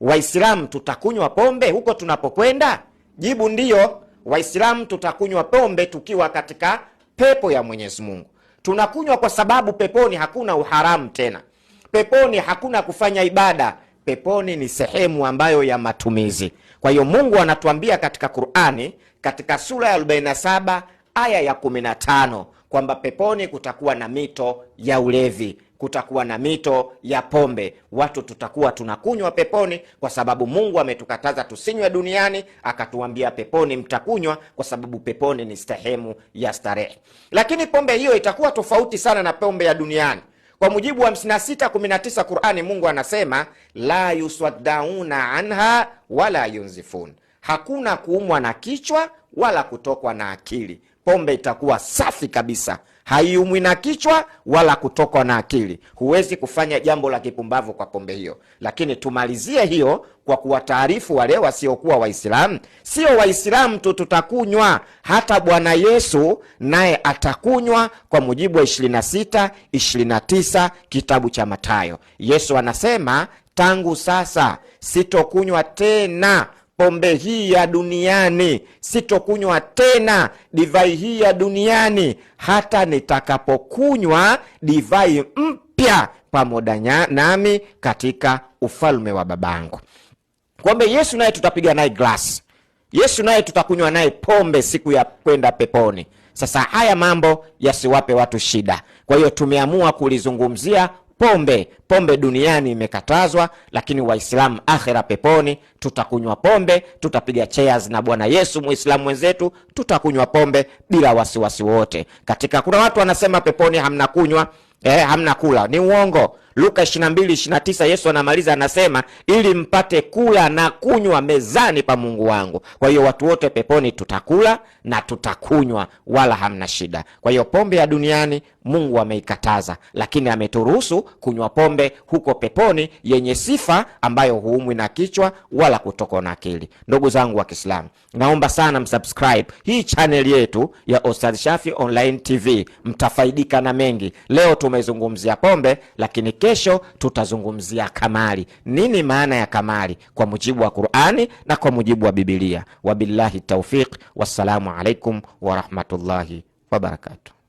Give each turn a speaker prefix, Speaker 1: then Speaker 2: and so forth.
Speaker 1: Waislamu tutakunywa pombe huko tunapokwenda? Jibu ndiyo, Waislamu tutakunywa pombe tukiwa katika pepo ya Mwenyezi Mungu. Tunakunywa kwa sababu peponi hakuna uharamu tena, peponi hakuna kufanya ibada, peponi ni sehemu ambayo ya matumizi. Kwa hiyo Mungu anatuambia katika Qur'ani, katika sura ya 47 aya ya 15 kwamba peponi kutakuwa na mito ya ulevi, kutakuwa na mito ya pombe. Watu tutakuwa tunakunywa peponi, kwa sababu Mungu ametukataza tusinywe duniani, akatuambia peponi mtakunywa, kwa sababu peponi ni sehemu ya starehe. Lakini pombe hiyo itakuwa tofauti sana na pombe ya duniani. Kwa mujibu wa 6619 Qur'ani, Mungu anasema la yuswadauna anha wala yunzifun, hakuna kuumwa na kichwa wala kutokwa na akili pombe itakuwa safi kabisa, haiumwi na kichwa wala kutokwa na akili. Huwezi kufanya jambo la kipumbavu kwa pombe hiyo. Lakini tumalizie hiyo kwa kuwataarifu wale wasiokuwa Waislamu. Sio Waislamu tu tutakunywa, hata Bwana Yesu naye atakunywa, kwa mujibu wa 26 29 kitabu cha matayo Yesu anasema tangu sasa sitokunywa tena pombe hii ya duniani, sitokunywa tena divai hii ya duniani hata nitakapokunywa divai mpya pamoja nami katika ufalme wa Babangu. Kwamba Yesu naye tutapiga naye glasi, Yesu naye tutakunywa naye pombe siku ya kwenda peponi. Sasa haya mambo yasiwape watu shida. Kwa hiyo tumeamua kulizungumzia pombe. Pombe duniani imekatazwa, lakini Waislamu akhera peponi tutakunywa pombe, tutapiga chairs na Bwana Yesu Muislamu wenzetu, tutakunywa pombe bila wasiwasi wote katika. Kuna watu wanasema peponi hamna kunywa eh, hamna kula, ni uongo. Luka 22 29, Yesu anamaliza anasema, ili mpate kula na kunywa mezani pa Mungu wangu. Kwa hiyo watu wote peponi tutakula na tutakunywa, wala hamna shida. Kwa hiyo pombe ya duniani Mungu ameikataza, lakini ameturuhusu kunywa pombe huko peponi yenye sifa ambayo huumwi na kichwa wala kutokwa na akili. Ndugu zangu wa Kiislamu, naomba sana msubscribe hii channel yetu ya Ustadh Shafi Online TV, mtafaidika na mengi leo tumezungumzia pombe, lakini kesho tutazungumzia kamari. Nini maana ya kamari kwa mujibu wa Qur'ani na kwa mujibu wa Biblia? Wabillahi taufiq, wassalamu alaikum warahmatullahi wabarakatuh.